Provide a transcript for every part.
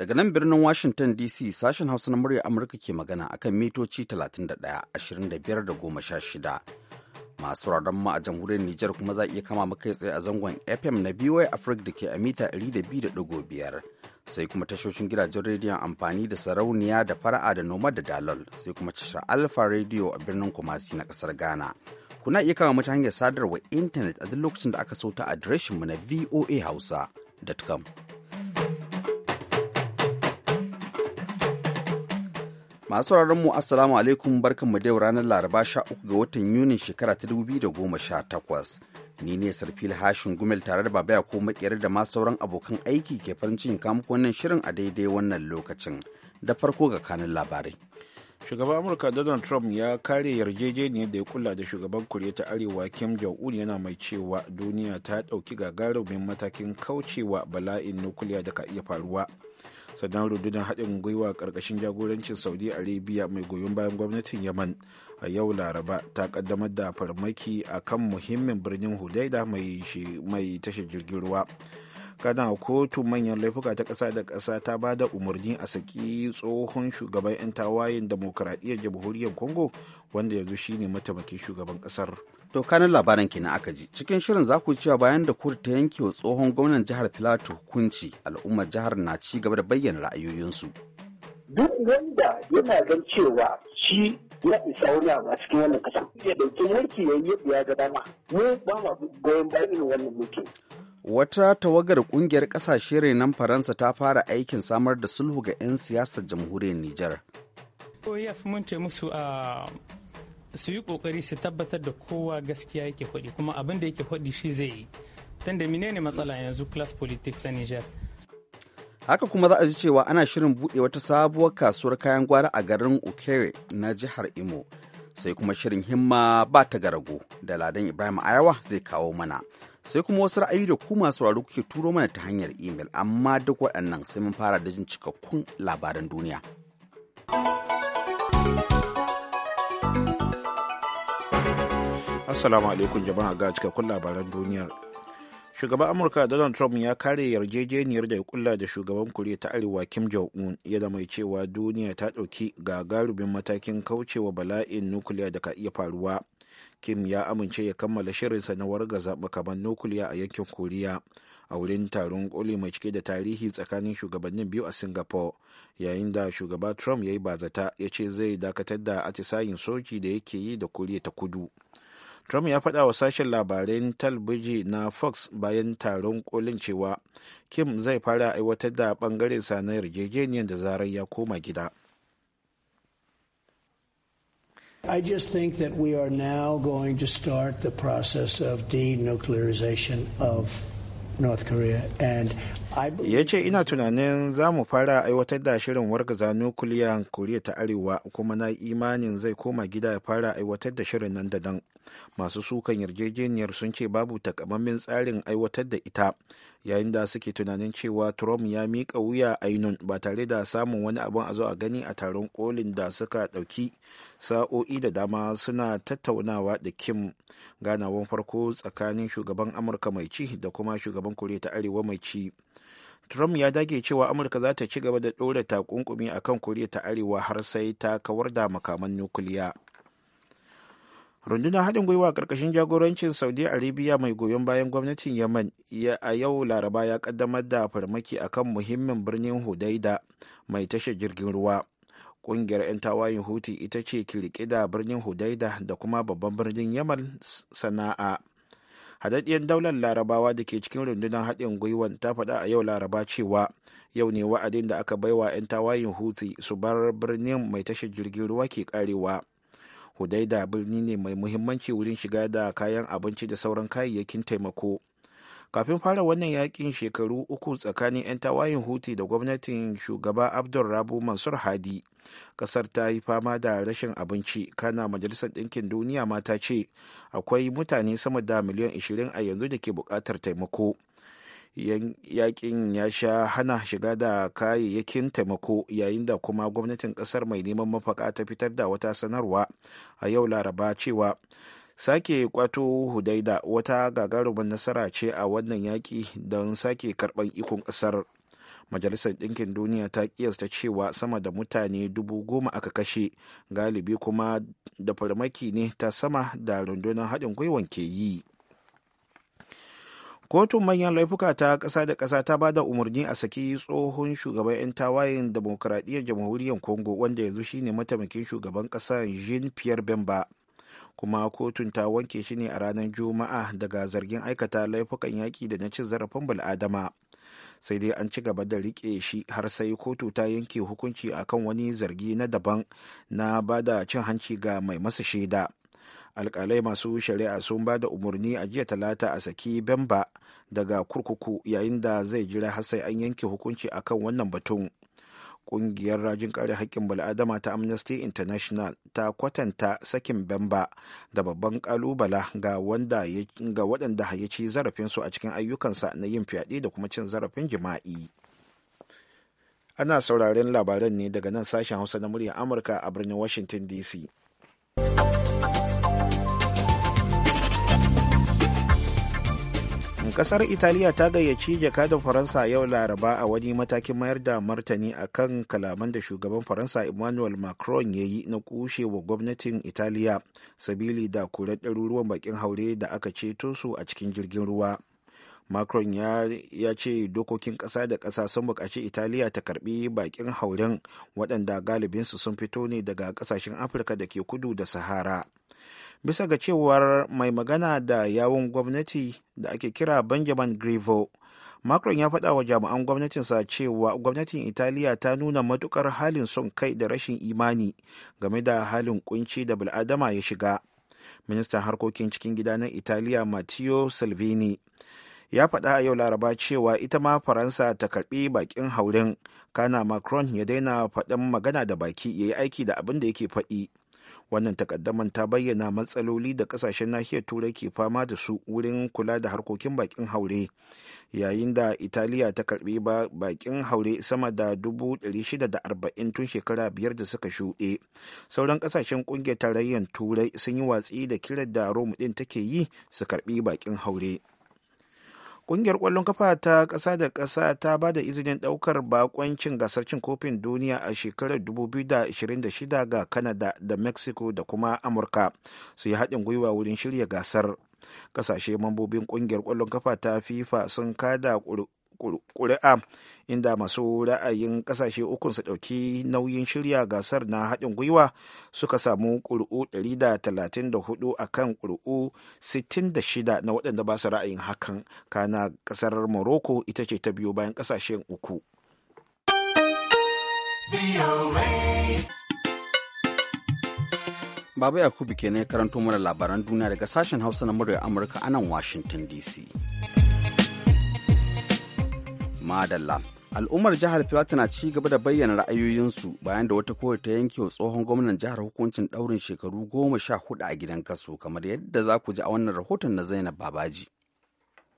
Daga nan birnin Washington DC sashen Hausa na murya Amurka ke magana akan mitoci 31, 25 da 16. Masu raron mu a jamhuriyar Nijar kuma za iya kama kai tsaye a zangon FM na BY Africa da ke a mita 200.5. Sai kuma tashoshin gidajen rediyon amfani da sarauniya da fara'a da noma da dalol sai kuma tashar Alpha Radio a birnin Kumasi na kasar Ghana. Kuna iya kama mutane hanyar sadarwa intanet a duk lokacin da aka so ta adireshinmu na voahausa.com. Masu mu Assalamu alaikum mu da ranar Laraba 13 ga watan Yunin shekara ta 2018. Ni ne Sarfil Hashin Gumel tare da babaya ko makiyar da ma sauran abokan aiki ke farin cikin kamuku wannan shirin a daidai wannan lokacin. Da farko ga kanin labarai. Shugaban Amurka Donald Trump ya kare yarjejeniyar da ya kula da shugaban Koriya ta Arewa Kim Jong-un yana mai cewa duniya ta ɗauki gagarumin matakin kaucewa bala'in nukiliya da ka iya faruwa. sannan rundunar haɗin gwiwa ƙarƙashin jagorancin saudi arabia mai goyon bayan gwamnatin yaman a yau laraba ta ƙaddamar da farmaki a kan muhimmin birnin hudaida mai tashar jirgin ruwa kana kotu manyan laifuka ta ƙasa da ƙasa ta ba da umarni a saki tsohon shugaban 'yan tawayen demokuraɗiyyar jamhuriyar congo wanda yanzu shine mataimakin shugaban ƙasar To kanin labaran kenan aka ji. Cikin shirin za ku cewa bayan da kotu ta yanke wa tsohon gwamnan jihar Filato hukunci al'ummar jihar na ci gaba da bayyana ra'ayoyinsu. Duk wanda yana gan cewa shi ya isa wani abu a cikin wannan kasa. Ya dauki mulki ya yi ya ga dama. Mu ba ma goyon bayan wannan mulki. Wata tawagar kungiyar kasashe renon Faransa ta fara aikin samar da sulhu ga 'yan siyasar jamhuriyar Nijar. E mun musu a ah, su yi kokari su tabbatar da kowa gaskiya yake hudi kuma abin da yake hudi shi zai yi don da menene matsala yanzu class politics ta niger haka kuma za a ji cewa ana shirin buɗe wata sabuwar kasuwar kayan gwari a garin ukere na jihar imo sai kuma shirin himma ba ta garago da ladan ibrahim ayawa zai kawo mana sai kuma wasu ra'ayi da ku masu sauraro kuke turo mana ta hanyar email amma duk waɗannan sai mun fara da jin cikakkun labaran duniya. Assalamu alaikum jama'a ga cikakkun labaran duniyar. Shugaban Amurka Donald Trump ya kare yarjejeniyar da ya kulla da shugaban Koriya ta Arewa Kim Jong-un yana mai cewa duniya ta ɗauki gagarumin matakin kaucewa bala'in nukiliya da ka iya faruwa. Kim ya amince ya kammala shirin shirinsa na wargaza kamar nukiliya a yankin Koriya a wurin taron koli mai cike da tarihi tsakanin shugabannin biyu a Singapore yayin da shugaba Trump ya yi bazata ya ce zai dakatar da atisayin soji da yake yi da Koriya ta Kudu. Trump ya faɗa wa sashen labarin talbiji na Fox bayan taron kolin cewa Kim zai fara aiwatar da sa na yarjejeniyar da zarar ya koma gida. I just think that we are now going to start the process of denuclearization of North Korea and ya ce ina tunanin za mu fara aiwatar da shirin wargaza nukuliya koriya ta arewa kuma na imanin zai koma gida ya fara aiwatar da shirin nan da nan masu sukan yarjejeniyar sun ce babu takamammen tsarin aiwatar da ita yayin da suke tunanin cewa trump ya miƙa wuya ainun ba tare da samun wani abin a zo a gani a taron kolin da suka ɗauki sa'o'i da dama suna tattaunawa da kim ganawan farko tsakanin shugaban amurka mai ci da kuma shugaban koriya ta arewa mai ci Trump ya dage cewa Amurka za ta ci gaba da ɗora takunkumi a kan Koriya ta Arewa har sai ta kawar da makaman nukiliya. rundunar haɗin gwiwa a ƙarƙashin jagorancin saudi arabia mai goyon bayan gwamnatin yaman a yau laraba ya ƙaddamar da farmaki akan muhimmin birnin hudaida mai tashar jirgin ruwa ƙungiyar 'yan tawayin huti ita ce kirki da birnin hudaida da kuma babban birnin yaman sana'a hadaddiyar daular larabawa da ke cikin rundunar haɗin gwiwan ta faɗa a yau laraba cewa yau ne wa'adin da aka baiwa 'yan tawayin hutu su bar birnin mai tashar jirgin ruwa ke karewa hudaida birni ne mai muhimmanci wurin shiga da kayan abinci da sauran kayayyakin taimako kafin fara wannan yakin shekaru uku tsakanin 'yan tawayin huti da gwamnatin shugaba abdul rabu mansur hadi kasar ta yi fama da rashin abinci kana majalisar ɗinkin duniya mata ce akwai mutane sama da miliyan 20 a yanzu da ke buƙatar taimako yakin ya sha hana shiga da kayayyakin taimako yayin da kuma gwamnatin kasar mai neman mafaka ta fitar da wata sanarwa a yau laraba cewa sake kwato hudaida wata gagarumin nasara ce a wannan yaki don sake karban ikon kasar majalisar ɗinkin duniya ta kiyasta cewa sama da mutane dubu goma aka kashe galibi kuma da farmaki ne ta sama da rundunar haɗin gwiwan ke yi kotun manyan laifuka ta ƙasa da ƙasa ta bada umarni a saki tsohon shugaban 'yan tawayen demokuraɗiyyar jamhuriyar congo wanda yanzu shine mataimakin shugaban ƙasa jean pierre bemba kuma kotun ta wanke shi ne a ranar juma'a daga zargin aikata laifukan yaƙi da na cin zarafin bal'adama sai dai an ci gaba da riƙe shi har sai kotu ta yanke hukunci akan wani zargi na daban na bada cin hanci ga mai masa shaida alkalai masu shari'a sun ba da umarni a jiya talata a saki bemba daga kurkuku yayin da zai jira har sai an yanke hukunci akan wannan batun kungiyar rajin kare haƙƙin bal'adama ta amnesty international ta kwatanta sakin bemba da babban kalubala ga waɗanda ya ci zarafinsu a cikin ayyukansa na yin fyaɗe da kuma cin zarafin jima'i ana sauraren labaran ne daga nan sashen hausa na murya amurka a birnin washington dc kasar italiya ta gayyaci da faransa yau laraba a wani matakin mayar da martani a kan kalaman da shugaban faransa emmanuel macron ya yi na kushe wa gwamnatin italiya sabili da kuren ɗaruruwan bakin haure da aka ceto su a cikin jirgin ruwa macron ya, ce dokokin ƙasa da ƙasa sun bukaci italiya ta karbi bakin hauren waɗanda galibinsu sun fito ne daga ƙasashen afirka da ke kudu da sahara bisa ga cewar mai magana da yawun gwamnati da ake kira benjamin grivo macron ya faɗa wa jami'an gwamnatinsa cewa gwamnatin italiya ta nuna matukar halin son kai da rashin imani game da halin kunci da bil'adama ya shiga ministan harkokin cikin gida na italiya matteo salvini ya faɗa a yau laraba cewa ita ma faransa ta karɓi bakin haurin kana macron ya daina faɗin magana da baki ya yi aiki da abin da yake faɗi wannan takaddaman ta bayyana matsaloli da kasashen nahiyar turai ke fama da su wurin kula da harkokin bakin haure yayin da italiya ta karbi bakin haure sama da 640 tun shekara biyar da suka shuɗe sauran kasashen kungiyar tarayyar turai sun yi watsi da kiran da rome ɗin take yi su karbi bakin haure Ƙungiyar kwallon kafa ta ƙasa da ƙasa ta ba da izinin ɗaukar bakoncin gasar cin kofin duniya a shekarar 2026 ga kanada da Mexico da kuma Amurka su yi haɗin gwiwa wurin shirya gasar. Ƙasashe mambobin ƙungiyar kwallon kafa ta FIFA sun kada ƙuri'a inda masu ra'ayin ƙasashe ukun su ɗauki nauyin shirya gasar na haɗin gwiwa suka samu ƙuri'u 134 a kan ƙuri'u 66 na waɗanda ba su ra'ayin hakan kana ƙasar morocco ita ce ta biyo bayan ƙasashen uku. Baba Yakubu kenan ya karanto mana labaran duniya daga sashen Hausa na murya Amurka a nan Washington DC. Madalla. Al'ummar jihar Filato na ci gaba da bayyana ra'ayoyinsu bayan da wata kotu ta yanke wa tsohon gwamnan jihar hukuncin ɗaurin shekaru goma sha hudu a gidan kaso kamar yadda za ku ji a wannan rahoton na Zainab Babaji.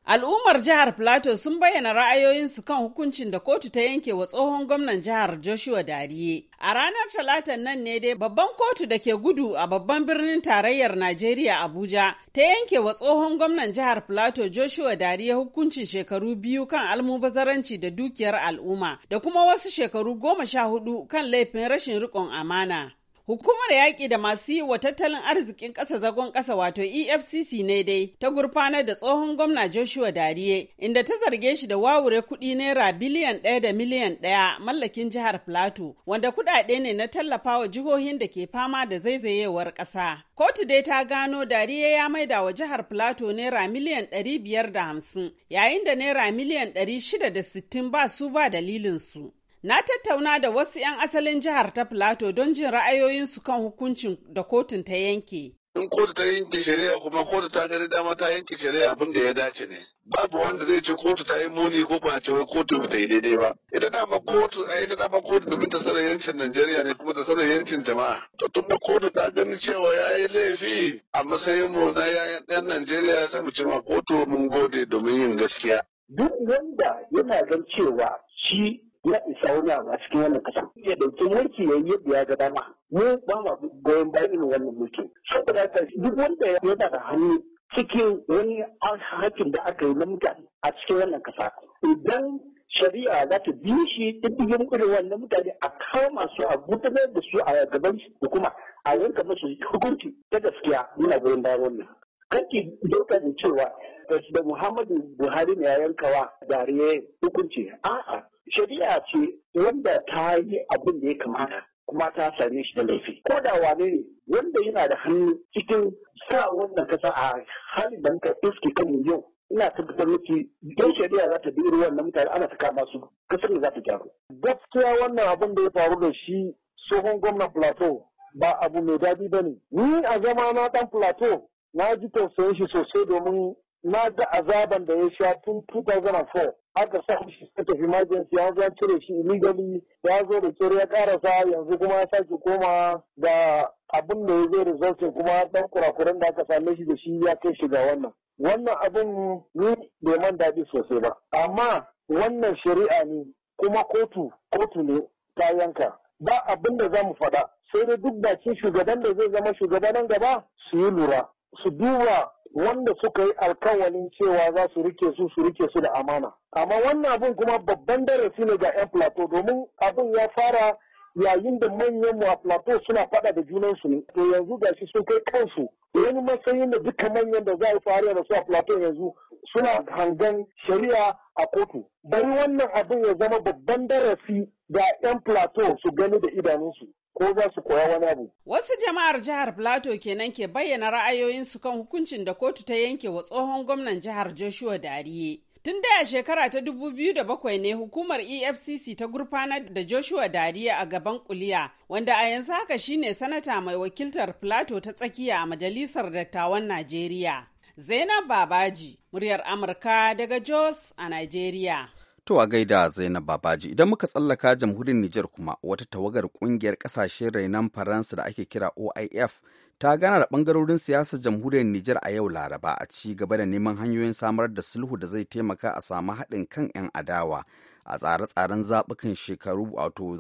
Al'ummar jihar Plateau sun bayyana ra'ayoyinsu kan hukuncin da kotu ta yanke wa tsohon gwamnan jihar Joshua Dariye. A ranar talatan nan ne dai babban kotu da ke gudu a babban birnin tarayyar Najeriya Abuja ta yanke wa tsohon gwamnan jihar Plateau Joshua Dariye hukuncin shekaru biyu kan almubazaranci da dukiyar al'umma da kuma wasu shekaru goma sha hudu kan laifin rashin riƙon amana. Hukumar yaƙi da masu yi wa tattalin arzikin ƙasa zagon ƙasa wato EFCC ne dai ta gurfanar da tsohon gwamna Joshua Dariye inda ta zarge shi da wawure kuɗi naira biliyan ɗaya da miliyan ɗaya mallakin jihar Plateau wanda kuɗaɗe ne na tallafa wa jihohin da ke fama da zaizayewar ƙasa. Kotu dai ta gano Dariye ya maida wa jihar Plateau naira miliyan ɗari biyar da hamsin yayin da naira miliyan ɗari shida da sittin ba su ba dalilin su. Na tattauna da wasu 'yan asalin jihar ta Filato don jin ra'ayoyinsu kan hukuncin da kotun ta yanke. In kotu ta yanke shari'a kuma kotu ta gani dama ta yanke shari'a abin da ya dace ne. Babu wanda zai ce kotu ta yi muni ko ba ce wai kotu ba yi daidai ba. Ita dama kotu a yi dama kotu domin ta sanar yancin Najeriya ne kuma ta sanar yancin jama'a. To tun da kotu ta gani cewa ya yi laifi a matsayin mu na 'yan Najeriya ya mu cewa kotu mun gode domin yin gaskiya. Duk wanda yana gan cewa shi ya isa wani abu a cikin wannan kasa ya dauki mulki ya yi yadda ya ga dama mu ba ma goyon bayan wannan mulki saboda haka duk wanda ya da hannu cikin wani hakkin da aka yi na mutane a cikin wannan kasa idan shari'a za ta bi shi diddigin irin wannan mutane a kama masu a gudanar da su a gaban hukuma a yanka masu hukunci ta gaskiya muna goyon bayan wannan kanki dauka da cewa da Muhammadu Buhari ne ya yanka wa dariye hukunci a'a shari'a ce wanda ta yi abin da ya kamata kuma ta same shi da laifi ko da wane ne wanda yana da hannu cikin sa wannan kasa a halin da muka iske kan yau ina tabbatar miki don shari'a za ta bi irin wannan mutane ana ta kama su kasar da za ta gyaru gaskiya wannan abin da ya faru da shi tsohon gwamnan plateau ba abu mai daɗi ba ne ni a zama na ɗan plateau na ji tausayin shi sosai domin na ga azaban da ya sha tun 2004 aka sa shi ta tafi emergency ya zo cire shi illegally ya zo da kyar ya karasa yanzu kuma ya sake koma ga abin da ya zai resulting kuma dan kurakuran da aka same shi da shi ya kai shiga wannan wannan abin ni bai man daɗi sosai ba amma wannan shari'a ne kuma kotu kotu ne ta yanka ba abin da za mu faɗa sai dai duk bakin shugaban da zai zama shugaba nan gaba su yi lura su duba wanda suka yi alkawalin cewa za su rike su su rike su da amana amma wannan abin kuma babban darasi ne ga 'yan plateau domin abin ya fara yayin da manyan mu a plateau suna fada da junansu ne to yanzu gashi sun kai kansu wani matsayin da duka manyan da za a yi fariya da su a plateau yanzu suna hangen shari'a a kotu bari wannan abin ya zama babban darasi ga 'yan plateau su gani da idanunsu ko za su koya wani abu. Wasu jama'ar jihar Plateau kenan ke bayyana ra'ayoyinsu kan hukuncin da kotu ta yanke wa tsohon gwamnan jihar Joshua Dariye. Tun da shekara ta 2007 ne hukumar EFCC ta gurfanar da Joshua dariye a gaban kuliya, wanda a yanzu haka shine sanata mai wakiltar Plateau ta tsakiya a Majalisar Dattawan Najeriya. Zainab Babaji, muryar Amurka daga Jos a Najeriya. To a gaida Zainab Babaji idan muka tsallaka jamhuriyar Nijar kuma wata tawagar kungiyar kasashen rainon Faransa da ake kira OIF ta gana da bangarorin siyasar jamhuriyar Nijar a yau Laraba a ci gaba da neman hanyoyin samar da sulhu da zai taimaka a samu haɗin kan 'yan adawa a tsare-tsaren zaɓukan shekaru wato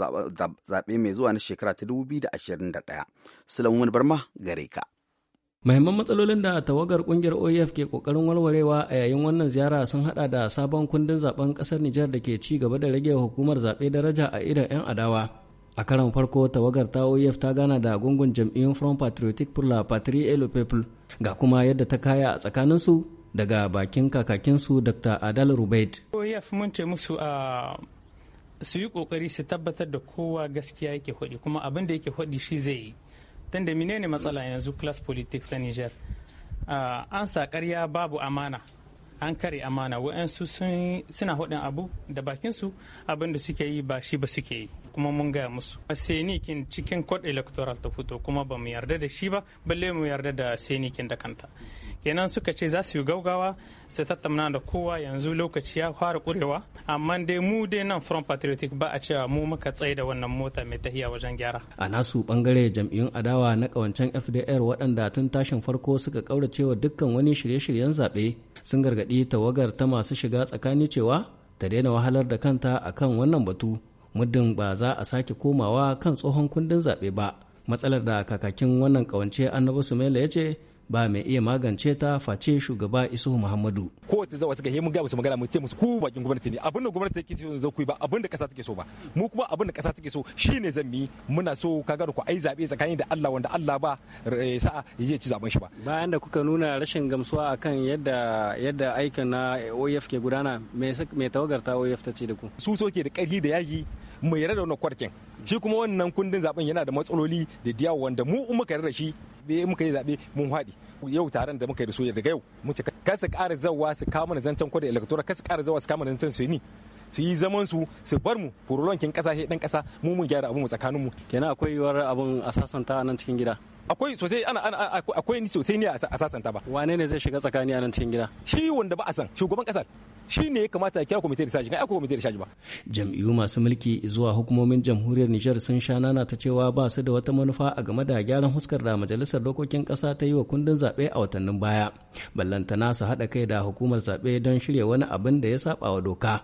zaɓe mai zuwa na shekara ta 2021. Sulaiman Barma gare ka. Mahimman matsalolin da tawagar kungiyar OEF ke kokarin walwarewa a yayin wannan ziyara sun hada da sabon kundin zaben kasar Nijar da ke ci gaba da rage hukumar zaɓe daraja a idan 'yan adawa. A karan farko tawagar ta OEF ta gana da gungun jam'iyyun Front Patriotic pour la Patrie et le Peuple ga kuma yadda ta kaya a tsakanin su daga bakin kakakin su Dr. Adal Rubaid. OEF mun ce musu a su yi kokari su tabbatar da kowa gaskiya yake hudi kuma abin da yake hudi shi zai yi. da menene matsala yanzu class politics ta niger ah, an sa karya babu amana an kare amana wa'ansu suna hudun abu da bakinsu abin da suke yi ba shi ba suke yi kuma mun gaya musu senikin cikin code electoral ta fito kuma ba mu yarda da shi ba balle mu yarda da senikin da kanta kenan suka ce za su yi gaugawa su tattauna da kowa yanzu lokaci ya fara kurewa amma dai mu dai nan from patriotic ba a cewa mu muka tsaye da wannan mota mai tahiya wajen gyara a nasu bangare jam'iyyun adawa na kawancen fdr waɗanda tun tashin farko suka kauracewa dukkan wani shirye-shiryen zaɓe sun gargaɗi tawagar ta masu shiga tsakani cewa ta daina wahalar da kanta akan wannan batu muddin ba za a sake komawa kan tsohon kundin zaɓe ba matsalar da kakakin wannan kawance annabi sumaila ya ce ba mai iya magance ta face shugaba Isuhu Muhammadu. Kowace zawa suka yi mun gaya musu magana mu ce musu ku bakin gwamnati ne abinda da gwamnati take so zo ku ba abin da kasa take so ba mu kuma abinda kasa take so shine zan mi muna so kaga da ku ai zabe tsakanin da Allah wanda Allah ba eh, sa'a yaje ci zaben shi ba. Bayan da kuka nuna rashin gamsuwa akan yadda yadda aikin na OEF ke gudana me tawagar ta OEF ta ce da ku. Su soke da kari da yaji mu yarda da wannan kwarkin shi kuma wannan kundin zaben yana da matsaloli da diyawa wanda mu in muka da shi muka yi zabe mun haɗi yau taron da muka yi da soja daga yau mu ce ka su ƙara zawa su kama zancen kwada electoral ka su ƙara zawa su kama zancen su ni su yi zaman su su bar mu kasa ƙasa dan kasa mu mun gyara abu mu tsakanin mu. kenan akwai yiwuwar abun a sasanta nan cikin gida akwai sosai ana akwai ni sosai ne a sasanta ba wane ne zai shiga tsakani a nan cikin gida shi wanda ba a san shugaban kasar shi ne ya kamata ya kira kwamitin risaji kai akwai kwamitin risaji ba jam'iyyu masu mulki zuwa hukumomin jamhuriyar Nijar sun sha nana ta cewa ba su da wata manufa a game da gyaran huskar da majalisar dokokin kasa ta yi wa kundin zaɓe a watannin baya ballantana su haɗa kai da hukumar zaɓe don shirya wani abin da ya saba wa doka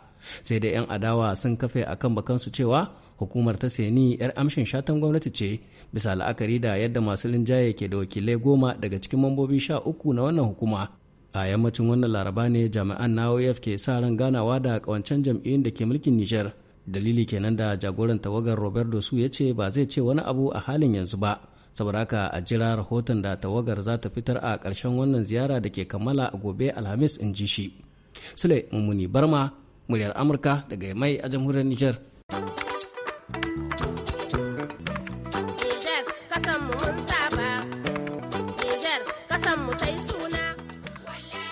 sai da 'yan adawa sun kafe a akan su cewa hukumar ta seni 'yar amshin shatan gwamnati ce bisa la'akari da yadda masu rinjaye ke da wakilai goma daga cikin mambobi sha uku na wannan hukuma a yammacin wannan laraba ne jami'an na oef ke sa ran ganawa da kawancen jam'iyyun da ke mulkin nijar dalili kenan da jagoran tawagar roberto su ya ce ba zai ce wani abu a halin yanzu ba saboda haka a jira rahoton da tawagar za ta fitar a ƙarshen wannan ziyara da ke kammala a gobe alhamis in ji shi sule mummuni barma muryar amurka daga mai a jamhuriyar nijar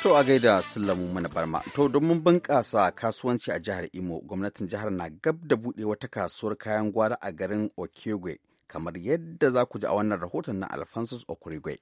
To a gaida Sallamu mana barma. To domin bunƙasa kasuwanci a jihar Imo, gwamnatin jihar na gab da buɗe wata kasuwar kayan gwara a garin Okegwe, kamar yadda za ku ji a wannan rahoton na Alphonsus Okurigwe.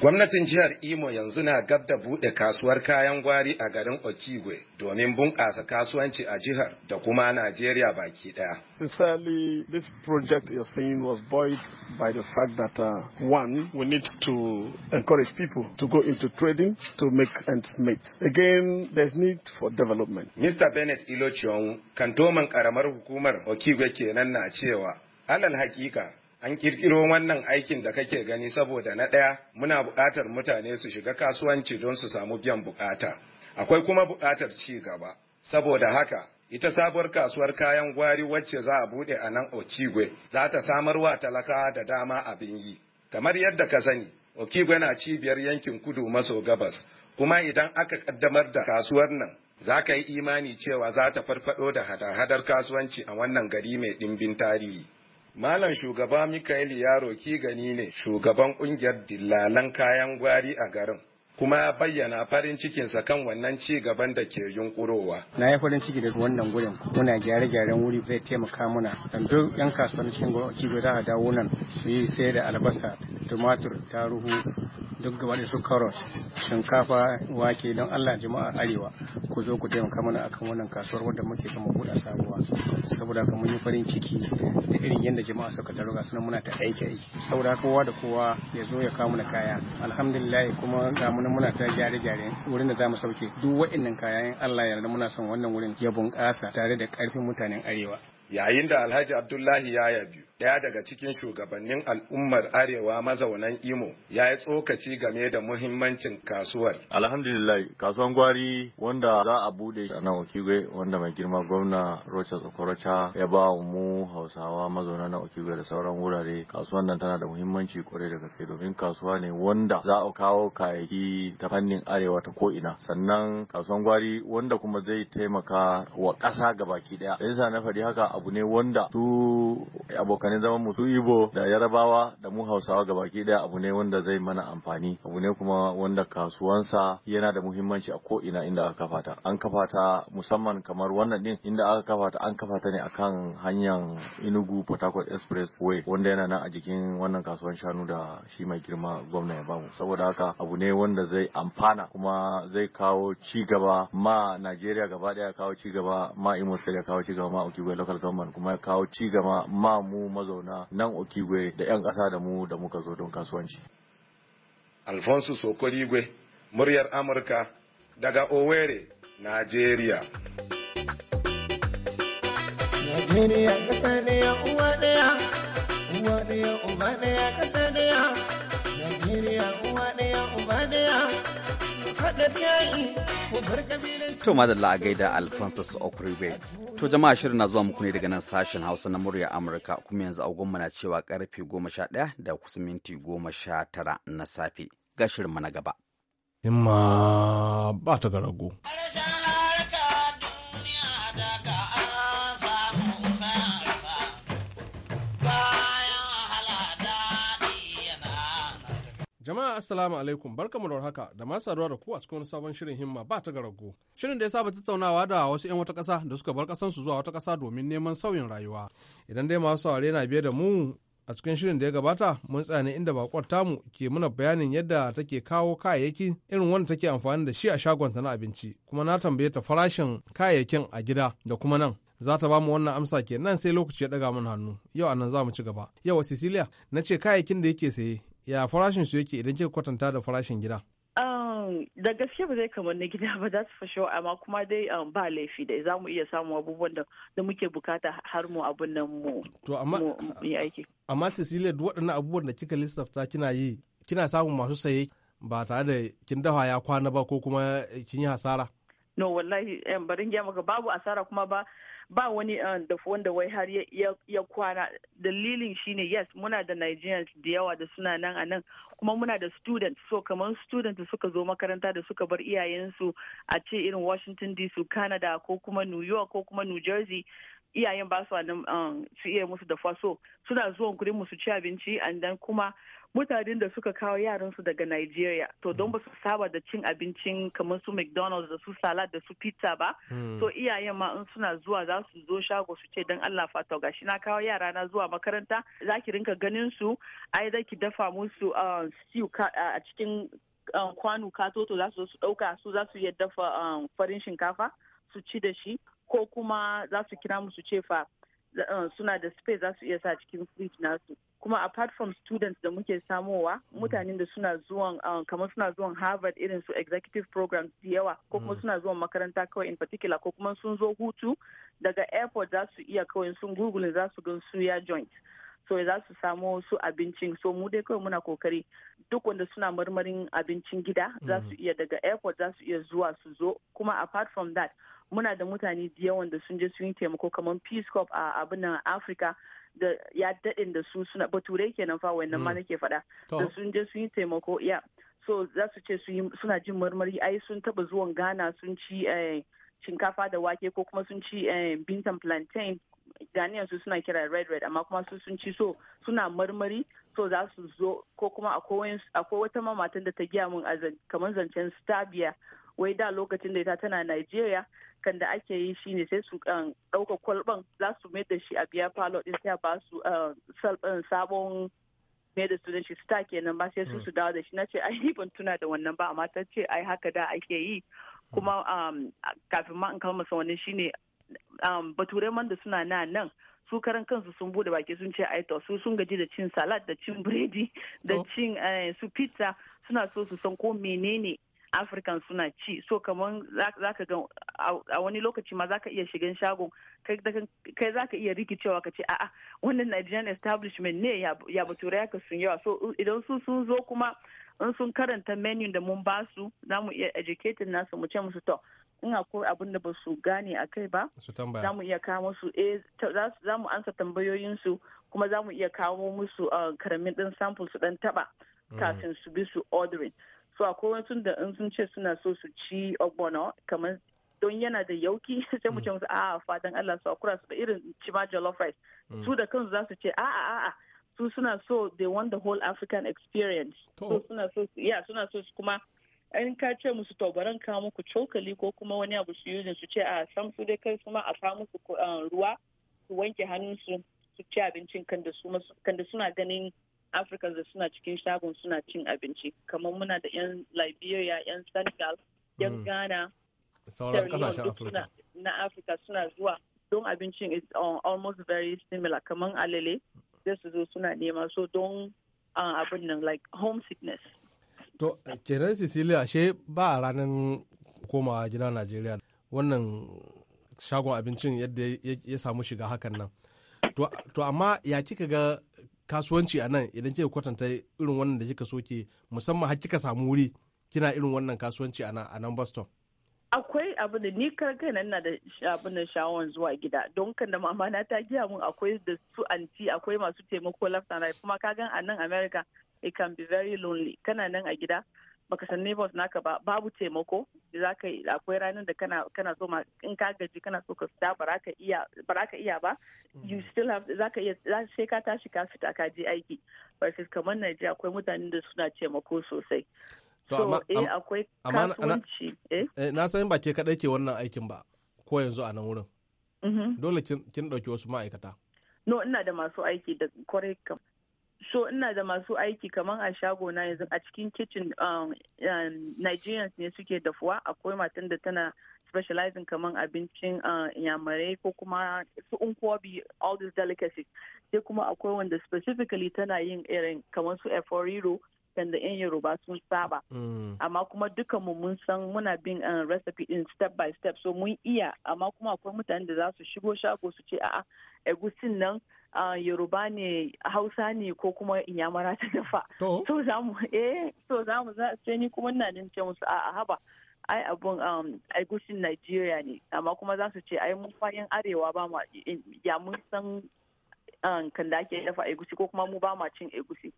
Gwamnatin jihar Imo yanzu na gab da buɗe kasuwar kayan gwari a garin Okigwe domin bunƙasa kasuwanci a jihar da kuma Najeriya baki ɗaya. Sincerely, this project you're saying was buoyed by the fact that uh, one, we need to encourage people to go into trading to make ends meet. Again, there's need for development. Mr. Bennett Ilochionwu, kantoman ƙaramar hukumar Okigwe kenan na cewa, alal hakika An kirkiro wannan aikin da kake gani saboda na ɗaya muna buƙatar mutane su shiga kasuwanci don su samu biyan buƙata. Akwai kuma buƙatar ci gaba. Saboda haka ita sabuwar kasuwar kayan gwari wacce za a buɗe a nan Okigwe za ta samar wa talakawa da dama abin yi. Kamar yadda ka sani, Okigwe na cibiyar yankin kudu maso gabas, kuma idan aka ƙaddamar da kasuwar nan za ka yi imani cewa za ta farfado da hada-hadar kasuwanci a wannan gari mai ɗimbin tarihi. Malam shugaba Mikael Yaro Kigani ne shugaban kungiyar dillalan kayan gwari a garin. kuma ya bayyana farin cikinsa kan wannan ci gaban da ke yunkurowa. Na yi farin ciki da wannan gurin muna gyare-gyaren wuri zai taimaka muna Dan duk yan kasuwancin cikin za a dawo nan su yi sai da albasa tumatur taruhu duk gaba da su carrot shinkafa wake don allah jama'a arewa ku zo ku taimaka mana akan wannan kasuwar wadda muke kama buɗa sabuwa saboda haka mun yi farin ciki da irin yadda jama'a suka taro ga sunan muna ta aiki aiki saboda kowa da kowa ya zo ya kawo mana kaya alhamdulillah kuma ga mu muna ta gyare gyare wurin da za mu sauke duk kaya kayan allah ya yarda muna son wannan wurin ya bunƙasa tare da ƙarfin mutanen arewa yayin da alhaji abdullahi ya yabi daya daga cikin shugabannin al'ummar arewa mazaunan imo ya yi tsokaci game da muhimmancin kasuwar alhamdulillah kasuwan gwari wanda za a bude a nan okigwe wanda mai girma gwamna rocha tsokorocha ya ba mu hausawa mazauna na okigwe da sauran wurare kasuwan nan tana da muhimmanci kwarai da gaske domin kasuwa ne wanda za a kawo kayayyaki ta fannin arewa ta ko ina sannan kasuwan gwari wanda kuma zai taimaka wa ƙasa gabaki ɗaya yasa na faɗi haka abu ne wanda su abokan abokanin zaman mu Ibo da Yarabawa da mu Hausawa ga baki daya abu ne wanda zai mana amfani abu ne kuma wanda kasuwansa yana da muhimmanci a ko'ina inda aka kafa ta an kafa ta musamman kamar wannan din inda aka kafa ta an kafa ta ne akan hanyar inugu Port Harcourt Expressway wanda yana nan a jikin wannan kasuwan shanu da shi mai girma gwamna ya bamu saboda haka abu ne wanda zai amfana kuma zai kawo ci gaba ma Najeriya gaba daya kawo ci gaba ma Imo State kawo ci gaba ma Okigwe local government kuma ya kawo ci gaba ma mu mazauna nan okigwe da 'yan ƙasa da mu da muka zo don kasuwanci alfonso sokorigwe muryar amurka daga owerri nigeria Najeriya ƙasa ɗaya uwa ɗaya, uwa ɗaya uba ɗaya ƙasa ɗaya, Najeriya uwa ɗaya uba ɗaya. To madalla a gaida Alphonsus Okribe. To jama'a shirin na zuwa muku ne daga nan sashen Hausa na murya Amurka kuma yanzu agonmu na cewa karfe goma sha ɗaya da kusan minti goma sha tara na safe. Ga shirin na gaba. Imma ba ta rago. Jama'a assalamu alaikum barkamu da haka da masu saduwa da ku a cikin sabon shirin himma ba ta garago. Shirin da ya saba tattaunawa da wasu 'yan wata ƙasa da suka bar ƙasansu zuwa wata ƙasa domin neman sauyin rayuwa. Idan dai masu saurare na biye da mu a cikin shirin da ya gabata mun tsane inda bakwar tamu ke muna bayanin yadda take kawo kayayyaki irin wanda take amfani da shi a shagonta na abinci kuma na tambaye ta farashin kayayyakin a gida da kuma nan za ta ba mu wannan amsa kenan sai lokaci ya daga mun hannu yau anan za mu ci gaba yau cecilia na ce kayayyakin da yake saye ya farashin su yake idan kika kwatanta da farashin gida um, da gaske ba zai kamar na gida ba that's for sure amma kuma dai um, ba laifi da za mu iya samun abubuwan da muke bukata har mu abun nan mu amma yi aiki amma Cecilia duk waɗannan abubuwan da kika lissafta kina yi kina samun masu saye ba tare da kin dafa ya kwana ba ko kuma eh, kin yi hasara no wallahi barin gaya maka babu asara kuma ba ba wani uh, da wanda wai har ya kwana dalilin shine yes muna da nigerians da yawa da suna nan a nan kuma muna da students so kamar students suka zo makaranta da suka bar iyayensu a ce irin washington dc canada ko kuma new york ko kuma new jersey iyayen ba su a nan um, su iya musu da faso suna zuwan kudin musu ci abinci and then kuma mutanen da suka kawo yaran su daga Nigeria to don mm. ba su saba da cin abincin kamar su McDonald's da su salad da su pizza ba mm. to iyayen ma in suna zuwa za su zo shago su ce dan Allah fato gashi na kawo yara na zuwa makaranta zaki rinka ganin su ai za ki dafa musu uh, stew a cikin uh, kwano katoto za su su dauka su za su iya dafa uh, farin shinkafa su ci da shi ko kuma za su kira musu cefa Uh, suna da space za su iya sa cikin fridge nasu kuma apart from students da muke samowa mm. mutanen da suna zuwan uh, kamar suna zuwan harvard irin su executive programs da yawa ko kuma mm. suna zuwan makaranta kawai in particular ko kuma sun zo hutu daga airport za su iya kawai sun google za su gan suya joint so za su samo su abincin so mu dai kawai muna kokari duk wanda suna marmarin abincin gida za su mm. iya daga airport za su iya zuwa su zo kuma apart from that muna da mutane da yawan da sun je sun yi taimako kamar peace corps a abin nan africa da ya daɗin da su suna bature kenan fa wannan ma mm. nake faɗa da sun je sun yi taimako ya so za su ce suna jin marmari ai sun taba zuwan ghana sun ci eh, shinkafa da wake ko kuma sun ci eh, bintan plantain ganiyan su suna kira red red amma kuma su sun ci so suna marmari so za su zo ko kuma akwai wata mamatan da ta giya mun kamar zancen stabia wai da lokacin da ita tana nigeria kan da ake yi shine sai su dauka um, kwalban za su mai da shi a biya palo din sai ba su um, um, sabon mai da sunan shi star kenan ba sai su hmm. su dawo da shi na ce ai ban tuna da wannan ba amma ta ce ai haka da ake yi kuma kafin ma in kalmasa wani shine um, bature suna na nan su karan kansu sun bude baki sun ce aito su sun gaji da cin salad da cin biredi da cin eh, su pizza suna so su san ko menene african suna ci so kamar za ka ga a wani lokaci ma za ka iya shigan shagon kai za ka iya rikicewa ka ce a'a wannan nigerian establishment ne ya bature ya sun yawa so idan su sun zo kuma in sun karanta menu da mun basu za mu iya educating nasu mu ce musu to in akwai abin da ba su gane a kai ba za mu iya kawo eh, su za mu ansa tambayoyinsu kuma za mu iya kawo musu ah, karamin din sample su dan taba mm. kafin su bi su ordering so akwai wasu da in sun ce suna so su ci ogbono kamar don yana da yauki sai mu ce mm. musu a ah, fadan Allah su akura su da irin cima jollof rice mm. su da kansu za su ce a ah, a su suna so they want the whole African experience so suna so yeah suna so kuma in ka ce musu to baran ka muku cokali ko kuma wani abu su yi su ce a ah, sam su dai kai kuma ma a sa musu ah, ruwa su wanke hannunsu su ci abincin kan da suna ganin afirka da suna cikin shagon suna cin abinci kamar muna da yan liberia yan senegal yan mm. ghana na afirka suna zuwa don abincin is ah, almost very similar kamar alele sai su zo suna nema so don abin nan like homesickness To, kenan Cecilia ashe ba a ranar komawa gida Najeriya wannan shagon abincin yadda ya samu shiga hakan nan. To, amma ya kika ga kasuwanci a nan idan kika kwatanta irin wannan da kika soke musamman har kika samu wuri kina irin wannan kasuwanci a nan Boston. akwai abu da ni kai nan na da abin da shawon zuwa gida don kan da mama na ta giya mun akwai da su anti akwai masu taimako lafta na kuma ka gan a nan america it can be very lonely kana nan a gida baka san neighbors naka ba babu taimako za ka yi akwai ranar da kana kana so ma in ka gaji kana so ka fita ba ka iya ba ka iya ba mm. you still have za ka iya za sai ka tashi ka fita ka je aiki versus kamar Najeriya akwai mutanen da suna taimako sosai so eh akwai kasuwanci eh? eh na san ba ke kadai ke wannan aikin ba ko yanzu a nan wurin mm-hmm. dole kin dauki wasu ma'aikata no ina da masu aiki da kwarai so ina da masu aiki kamar a shago na yanzu a cikin kitchen um, um, nigerians ne suke dafuwa akwai matan da tana specializing kamar abincin uh, yamarai ko kuma su unkwobi all these delicacies sai kuma akwai wanda specifically tana yin irin kamar su eforiro system da 'yan Yoruba sun saba. Mm. Amma kuma duka mu mun san muna bin uh, recipe din step by step so mun iya amma kuma akwai mutane da za su shigo shago su ce a'a egusin nan uh, Yoruba ne Hausa ne ko kuma Inyamara ta dafa. So za mu eh so za mu za sai ni kuma ina nan ce musu a'a haba. ai abun um, gushin Najeriya ne amma kuma za su ce ai mun fayin arewa ba ma ya mun san um, kan da ake dafa egusi ko kuma mu ba ma cin egusi.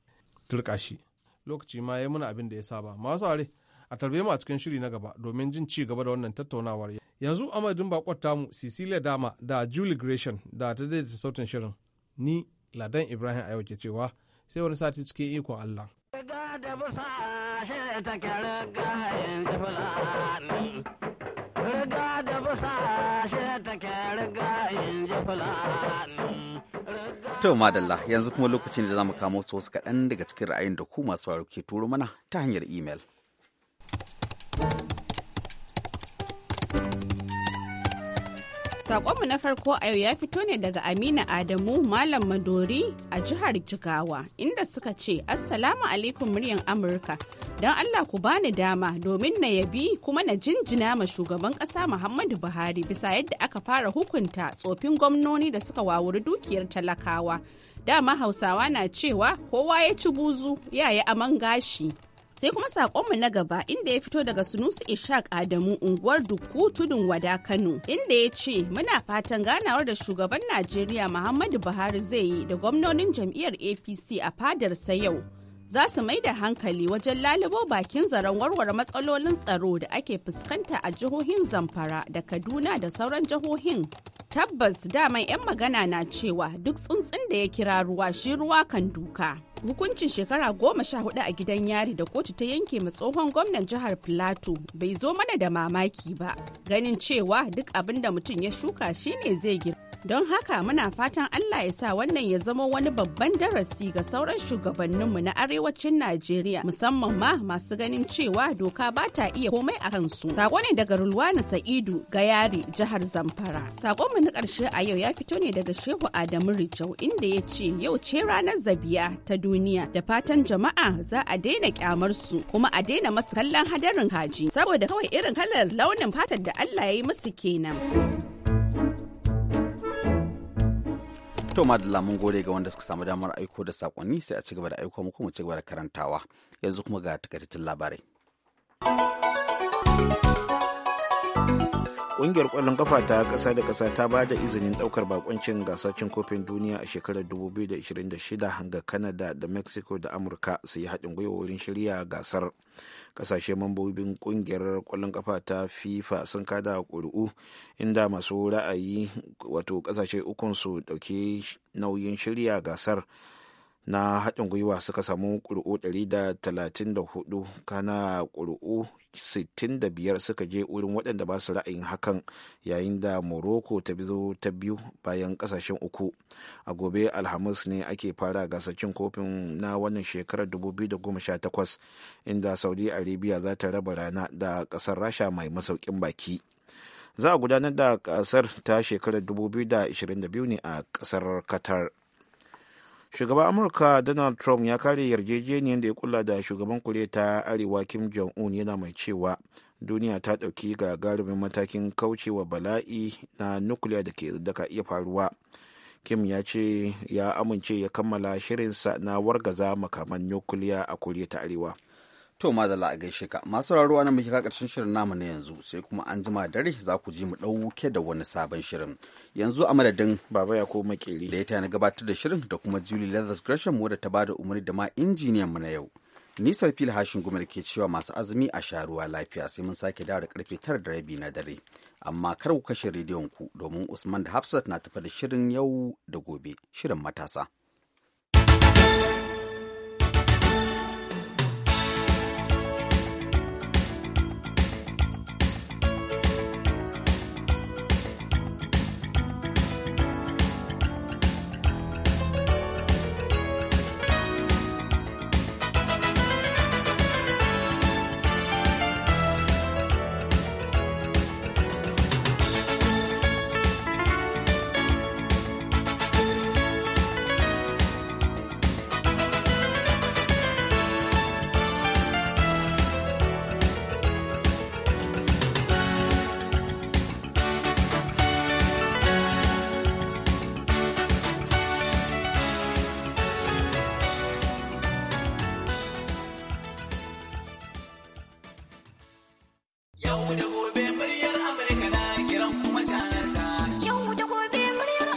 Turkashi. lokaci ma ya muna abin da ya saba masu are a tarbe mu a cikin shiri na gaba domin jin ci gaba da wannan tattaunawar yanzu amadin bakon mu cecilia dama da julie gresham da ta daidaita sautin shirin ni ladan ibrahim a yau ke cewa sai wani sati cikin ikon allah da busa shi ta fulani riga da busa shi ta fulani To madalla yanzu kuma lokacin da za mu kamo su wasu kaɗan daga cikin ra'ayin da ku masu ke turo mana ta hanyar imel. Sakonmu na farko a yau ya fito ne daga Amina Adamu Malam Madori a jihar Jigawa inda suka ce Assalamu alaikum muryan Amurka don Allah ku bani dama domin na yabi kuma na jinjina ma shugaban kasa Muhammadu Buhari bisa yadda aka fara hukunta tsofin gwamnoni da suka wawuri dukiyar talakawa. Dama Hausawa na cewa kowa ya ci buzu yaya aman gashi. sai kuma sakonmu na gaba inda ya fito daga sunusu ishaq adamu unguwar dukku tudun wada kano inda ya ce muna fatan ganawar da shugaban najeriya muhammadu buhari zai yi da gwamnonin jam'iyyar apc a fadarsa yau za su mai da hankali wajen lalubo bakin zaren warware matsalolin tsaro da ake fuskanta a jihohin zamfara da kaduna da sauran jihohin tabbas daman 'yan magana na cewa duk tsuntsun da ya kira ruwa shi ruwa kan duka hukuncin shekara goma sha hudu a gidan yari da kotu ta yanke ma tsohon gwamnan jihar plateau bai zo mana da mamaki ba ganin cewa duk abin da mutum ya shuka shine zai girma Don haka muna fatan Allah ya sa wannan ya zama wani babban darasi ga sauran shugabanninmu na arewacin Najeriya musamman ma masu ganin cewa doka ba ta iya komai a kansu. Sako ne daga Rulwani Sa'idu ga yari jihar Zamfara. Sakonmu na ƙarshe a yau ya fito ne daga Shehu Adamu Rijau inda ya ce yau ce ranar zabiya ta duniya da fatan jama'a za a daina kyamar su kuma a daina masu kallon hadarin haji saboda kawai irin kalar launin fatar da Allah ya yi musu kenan. To da lamun gode ga wanda suka samu damar aiko da sakonni sai a cigaba da aiko muku mu cigaba da karantawa. Yanzu kuma ga takaitattun labarai. Ƙungiyar kwallon kafa ta ƙasa da kasa ta ba da izinin ɗaukar bakoncin gasar cin kofin duniya a shekarar 2026 ga kanada da Mexico da Amurka su yi haɗin gwiwa wurin shirya gasar. kasashe mambobin ƙungiyar kwallon kafa ta FIFA sun kada ƙuri'u inda masu ra'ayi wato ƙasashe ukun su ɗauki nauyin shirya gasar. na haɗin gwiwa suka samu ƙuri'u 134 kana ƙuri'u 65 suka je wurin waɗanda ba su ra'ayin hakan yayin da morocco ta zo ta biyu bayan ƙasashen uku a gobe alhamis ne ake fara gasar cin kofin na wannan shekarar 2018 inda saudi arabia za ta raba rana da ƙasar rasha mai masaukin baki za a gudanar da ƙasar ta shekarar 2022 ne a ƙasar qatar shugaban amurka donald trump ya kare yarjejeniyar da ya kula da shugaban kure ta arewa kim jong-un yana mai cewa duniya ta ɗauki gagarumin matakin kaucewa bala'i na nukiliya da ke ka iya faruwa kim ya ce ya amince ya kammala shirinsa na wargaza makaman nukiliya a koriya ta arewa To madalla a gaishe ka masu raro ana muke ka karshen shirin namu na yanzu sai kuma an jima dare za ku ji mu ɗauke da wani sabon shirin. Yanzu a madadin Baba ya koma Makeri da ya na gabatar da shirin da kuma Julie Leathers Gresham wadda ta bada umarni da ma injiniyan mu na yau. Ni fil Hashin Gumar ke cewa masu azumi a sharuwa lafiya sai mun sake dawo da karfe tara da rabi na dare. Amma kar ku kashe rediyon ku domin Usman da Hafsat na tafi da shirin yau da gobe shirin matasa.